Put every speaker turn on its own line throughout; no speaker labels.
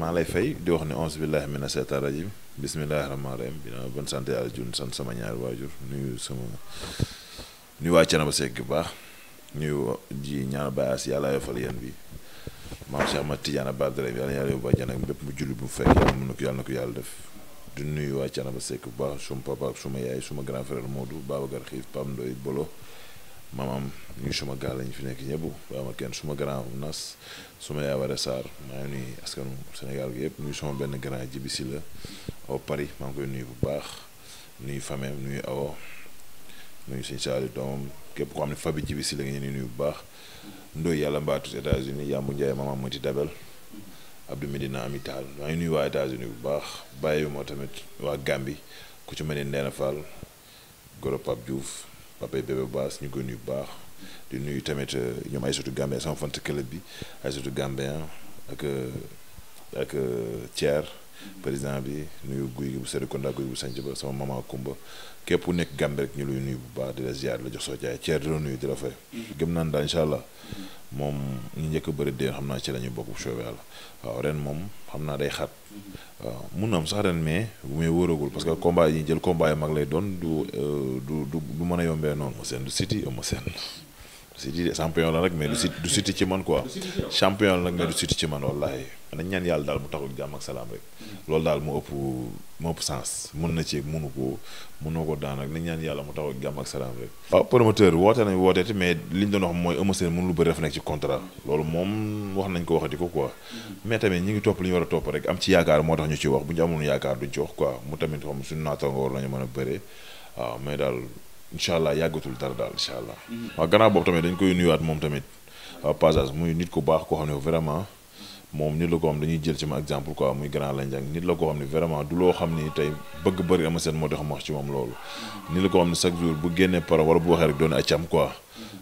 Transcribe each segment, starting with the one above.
maa lay fay di wax ne onze billahi mina seetaan rajim bismillahi rahmaan rahim dina bon sant yàlla jun sant sama ñaari waajur nuyu sama nuyu waa Canaba Seck bu maam Cheikh Ahmad Tidiane Badara yàlla na yàlla yóbbu àjjana ak bépp bu julli bu fekk yàlla mën na ko yàlla na ko yàlla def di nuyu waa Thiénaba Seck bu baax suma papa ak suma yaay suma grand frère Modou Babacar Xiif Pam Ndoy Bolo maamam ñu suma gaal lañ fi nekk ñëpp ba ma kenn suma grand nas suma yaay Wade Sarr maa ngi nuyu askanu Sénégal senegal yëpp nuyu suma benn grand jibi si la au Paris maa koy nuyu bu baax nuyu famem nuyu awo nuyu suñu saali doomam képp ko xam ne fabi jibi si la ngeen nuyu bu baax ndoy yàlla mbaatu États-Unis yàmbu Ndiaye maman Mati Dabel Abdou Medina amital maa ngi nuyu waa États-Unis bu baax bàyyi moo tamit waa Gambie ku ci mel ne Ndéna Fall goro Pape Diouf Pape Bébé Baas ñu koy nuyu bu baax di nuyu tamit euh, ñoom Aïssatou Gambien sama fant club bi Aïssatou Gambien ak euh, ak euh, Thier président bi nuyu guy gi bu Serekunda guy bu sanc ba sama mama Kumba képp ku nekk Gàmbi rek ñu luy nuyu bu baax di la ziar la jox soo jaay ceer di la nuyu di la fay mm-hmm. gëm naan daal allah moom ñu njëkk bari dee xam naa ci la ñu bokk bu soobee yàlla waaw ren moom xam naa day xat mm-hmm. waaw mun na am sax ren mais bu muy parce que combat yi jël combat mag lay doon euh, du du du mën a yombee noonu ma seen du siti ma seen Sidi champion la nag mais du siti du siti ci man quoi champion la nag mais du siti ci man wallaahi nañ ñaan yàlla daal mu taxul jàmm ak salaam rek loolu daal mu ëpp mu ëpp sens mën na ci mënu ko mënoo ko daan ak nañ ñaan yàlla mu taxul jàmm ak salaam rek waaw promoteur woote nañ wooteeti mais liñ doon wax mooy Eumeu Sène mënu lu bëri def nekk ci contrat loolu moom wax nañ ko waxati ko quoi mais tamit ñi ngi topp li war a topp rek am ci yaakaar moo tax ñu bu ñu amoon yaakaar duñ ci wax quoi mu a bëree incha allah yàggatul dara daal incha allah. waaw gannaaw boobu tamit dañ koy nuyuwaat moom tamit passage muy nit ku baax koo xam ne vraiment moom nit la ko xam dañuy jël ci ma exemple quoi muy grand la njàng nit la ko xam ne vraiment du loo xam ni tey bëgg bëri ama seen moo tax wax ci moom loolu. nit la ko xam ne chaque jour bu génnee par wala bu waxee rek doon accam quoi.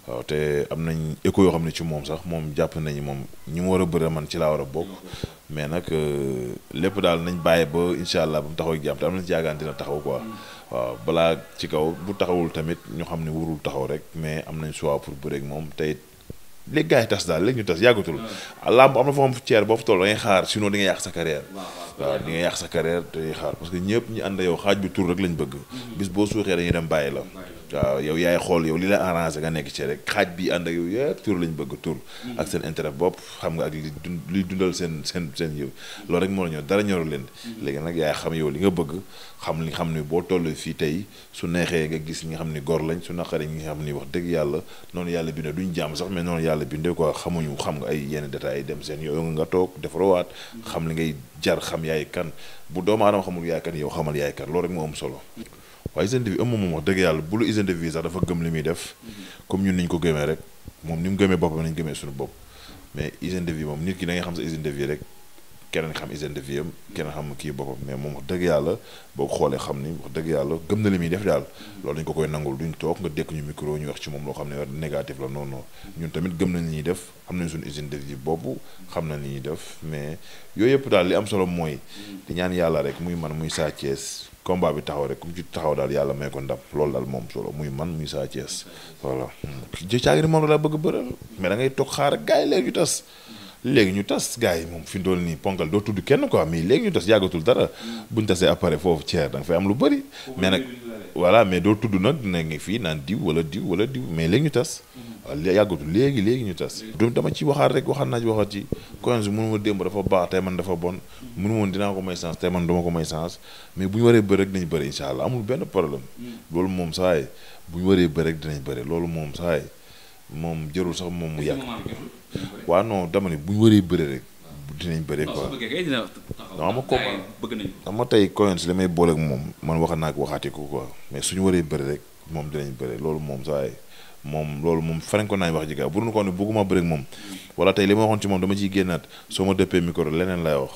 waaw te am nañ écho yoo xam ne ci moom sax moom jàpp nañ moom ñi mu war a bëri man ci laa war a bokk. mais nag euh, lépp daal nañ bàyyi ba incha allah ba mu taxaw ak am nañ ci yaakaar taxaw quoi. waaw balaa ci kaw bu taxawul tamit ñu xam ne warul taxaw rek mais am nañ choix pour bëreeg moom tey léegi gars yi tas daal léegi ñu tas yàggatul. làmb am na foo xam ceer boo fa toll da xaar sinon di nga yàq sa carrière. waaw di nga yàq sa que ñëpp ñi ànd yow xaaj bi tur rek lañ bëgg mm-hmm. bis boo suuxee dañuy yow li la arrangé nga nekk ci rek xaaj bi ànd ak yow yëpp tur lañ mm-hmm. bopp xam nga ak li dund li dundal seen seen seen yëw loolu rek moo la ñor dara ñoru leen mm-hmm. léegi nag yaay xam yow li nga bëgg xam li xam ni boo toll fii tey su neexee nga gis ñi nga xam ni gor lañ su naqaree ñi nga xam ni wax dëgg yàlla noonu yàlla bindee duñ jàmm sax mais noonu yàlla bindee quoi xamuñu xam nga ay yenn détails dem seen yow nga toog defarowaat xam li ngay jar xam yaay kan bu doomu aadama xamul yaay kan yow xamal yaay kan loolu rek moo am solo waaye Hygiène de Vie ëmb moom wax dëgg yàlla bu lu Hygiène de Vie sax dafa gëm li muy def comme ñun niñ ko gëmee rek moom ni mu gëmee boppam nañ gëmee suñu bopp mais Hygiène de Vie moom nit ki da nga xam sa Hygiène de Vie rek keneen xam hygiène de vie am keneen xam kii boppam mais moom wax dëgg yàlla boo ko xoolee xam ni wax dëgg yàlla gëm na li muy def daal loolu dañ ko koy nangul duñ toog nga ñu moom def am nañ suñu hygiène de vie na li ñuy def mais yooyu yëpp daal li am solo mooy ñaan yàlla rek muy man muy Sa Thiès combat bi taxaw rek ku ci taxaw daal yàlla may ko ndam loolu daal moom solo muy man muy Sa Thiès voilà. Hmm. jë caagri moom laa bëgg bëral mais da toog xaar ak gars yi léegi tas léegi ñu tas gaa yi moom fi mu toll nii ponkal doo tudd kenn ko mais léegi ñu tas yàggatul dara buñ tasee appareil foofu ceer da am lu bëri. mais nag voilà mais doo tudd nag dina ngi fii naan diw wala diw wala diw mais léegi ñu tas. waaw yàggatul léegi léegi ñu tas. du dama ci waxaat rek waxaat naa ci waxaat ci. Quench mënuma démb dafa baax tey man dafa bon. mënu woon dinaa ko may chance tey man dama ko may chance mais bu ñu waree bëri rek dinañ bëri incha allah amul benn problème. Mm. loolu moom saay bu ñu waree bëri rek bëri loolu moom saay moom jërul sax moom mu yàgg. waa non dama ne bu ñu waree bëre rek. dinañ bëre ko non ama ko ama tey coins li may boole moom man wax naa ko waxaati ko mais suñu waree bëre rek moom dinañ bëre loolu moom saa moom loolu moom faren ko wax ji bu dul ko ne bëgguma bëre moom wala tey li ma waxoon ci moom dama ciy génnaat soo ma dëppee micro leneen lay wax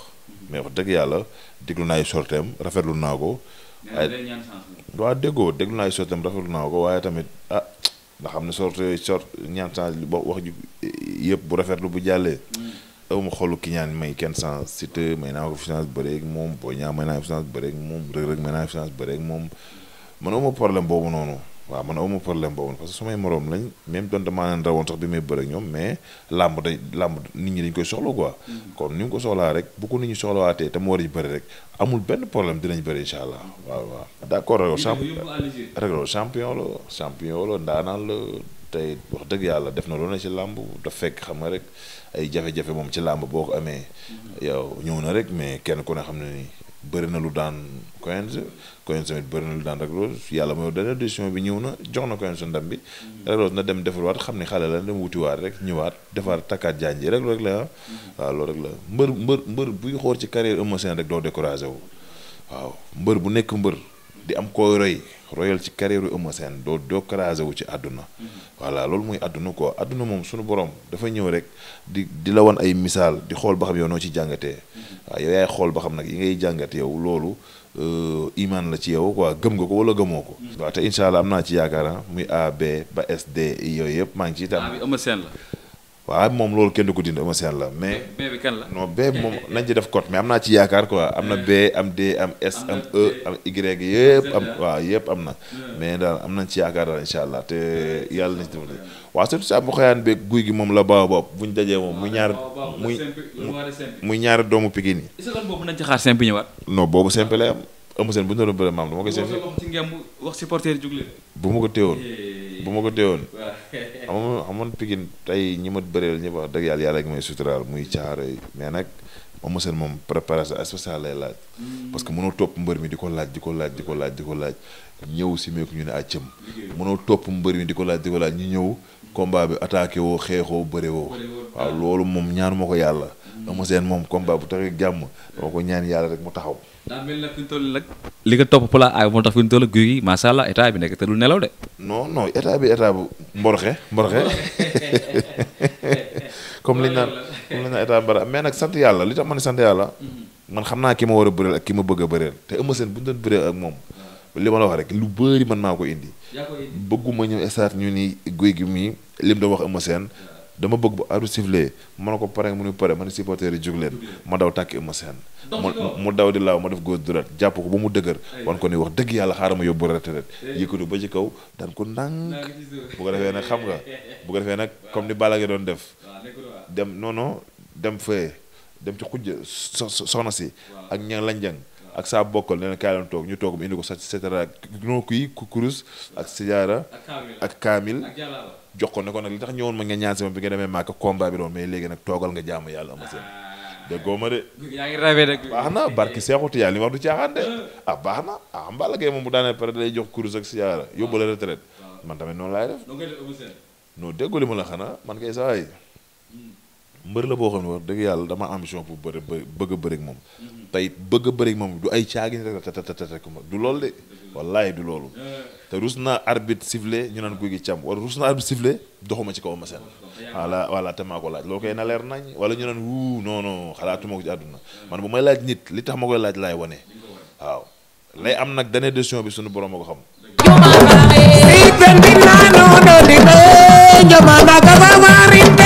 mais wax dëgg yàlla déglu naa ay sorteem rafetlu naa ko waaw déggoo naa ay sorteem rafetlu ko waaye tamit ah, nga xam ne sorte yooyu sort ñaan sans bo wax yëpp bu rafetlu bu jàllee mm. ma xolu ki ñaan may kenn sans Siteu may naa ko finance bëreeg moom boo Niang may naa ko finance bëreeg moom Reug Reug may naa ko finance bëreeg moom man awma problème boobu noonu waaw man awma problème boobu parce que sumay moroom lañ même donte ma leen rawoon sax bi may bëre ñoom mais làmb day làmb nit ñi dañ koy soxla ko kon mm-hmm. ni mu ko soxlaa rek bu ko nit ñi soxlawaatee te mu war a bëri rek amul benn problème dinañ bëri incha allah waaw waaw. d' accord Reug Reug champion la champion la ndaanaan la tey wax dëgg yàlla def na lu ne ci làmb daf fekk xam nga rek ay jafe-jafe moom ci làmb boo ko amee. Mm-hmm. yow ñëw na rek mais kenn ku ne xam ne nii. bëri na lu daan Quench Quench tamit bëri na lu daan Lac Rose yàlla mooy dana bi ñëw na jox na Quench ndam bi. Mm-hmm. Lac na dem defarwaat xam ni xale la dem wutiwaat rek ñëwaat defar takkaat jaan ji rek loolu rek la mm-hmm. rek la mbër mbër mbër buy xool ci carrière Eumeu rek doo découragé wu waaw mbër bu nekk mbër di am koo roy. royal ci carrière yu Eumeu Sène doo doo wu ci àdduna voilà loolu mooy àdduna quoi àdduna moom suñu borom dafa ñëw rek di di la wan ay misaal di xool ba xam yow noo ci jàngatee waaw yow yaay xool ba xam nag yi ngay jàngat yow loolu euh, iman la ci yow waa gëm nga ko wala gëmoo ko mm. waaw te allah am naa ci yaakaara ah, muy A ba S yooyu yëpp maa ngi ci tam Eumeu la waaw moom loolu kenn du ko dindi Eumeu la mais. bee la non bee moom nañ ci def code mais am naa ci yaakaar quoi am na B am D am S am E am Y yëpp am e, waa yëpp am na. mais daal am nañ ci yaakaar daal allah te yàlla nañ ci dimbali waaw surtout saa guy gi moom la baaw bopp buñ dajee moom. muy ñaar muy muy ñaari doomu Pikine yi. est-ce que boobu nañ boobu simple am Eumeu bu ñu doon bëre maam du koy. simple bu ma ko téewoon. Eh. bu ma ko téyewoon. amoon amoon Pikine tey ñi ma bëreel ñëpp dëgg yàlla yàlla ak may suturaal muy caaro mais nag Eumeu Sène moom préparation spéciale lay laaj. Mm. parce que mënoo topp mbër mi di ko laaj di ko laaj di ko laaj ko laaj ñëw si meeku ñu ne àccam. mënoo topp mbër mi di ko laaj di ko laaj ñu ñëw. combat bi attaqué woo xeexoo bëre woo. waaw loolu moom ñaanuma ko yàlla. Eumeu mm. Sène moom combat bu taxee jàmm dama ko ñaan yàlla rek mu taxaw. daa mel ne fi ñu toll nag. li nga topp plat aay moo tax fi ñu toll guy yi macha bi nekk te du nelaw de. non non état bi état bu mboroxe mboroxe comme liñ naan comme liñ naan état bara mais nag sant yàlla li tax man sant yàlla mhm. man xam naa ki ma war a bëreel ak ki ma bëgg a bëreel te Eumeu Sène bu ñu doon bëreel ak moom li ma la wax rek lu bëri man maa ko indi bëgguma ñëw estaat ñu ni guy gi mii lim doon wax Eumeu Sène dama bëgg bu aru siflee ma ne ko pare mu ne pare ma ne supporter yi jóg leen ma daw tàkki Eumeu Sène mu daw di laaw ma def góor durat jàpp ko ba mu dëgër wan ko ni wax dëgg yàlla xaaral ma yóbbu ko eh. yëkkatu ba ci kaw daan ko ndànk bu defee nag xam nga bu ko defee nag comme ni Balla Gaye doon def dem noonu dem fee dem ci xujj soxna si ak ña lanjang ak saa bokkal nee na kaay leen toog ñu toog mu indi ko et cetera non kuy kurus ak sijaara ak kaamil jox ko ne ko nag li tax ñëwoon ma nga ñaan si ma bi nga demee Màkka combat bi doon mais léegi nag toogal nga jaamu yàlla ama seen ah. ma de. yaa ngi rafet baax na barki Seexu Tijaan li wax du caaxaan de. ah baax na ah Balla Gaye moom mu daanee pare day jox kurus ak sijaara yóbbu la retraite ah. man tamit noonu laay def. non déggoo li ma la xanaa man kay saa yi mbër la boo xam ne wax dëgg yàlla dama ambition bu bëri bëgg a bëri moom tey bëgg a moom du ay caagi rek tatatatataku du lool de wallaay du loolu te rus na arbitre sifflé ñu naan guy gi càmm wala rus na arbitre sifflé doxuma ci kaw ma seen voilà voilà te maa ko laaj loolu koy na nañ wala ñu naan wuu non non xalaatuma ko ci àdduna man bu may laaj nit li tax ma koy laaj laay wane waaw lay am nag dane décision bi suñu borom a ko xam eh. si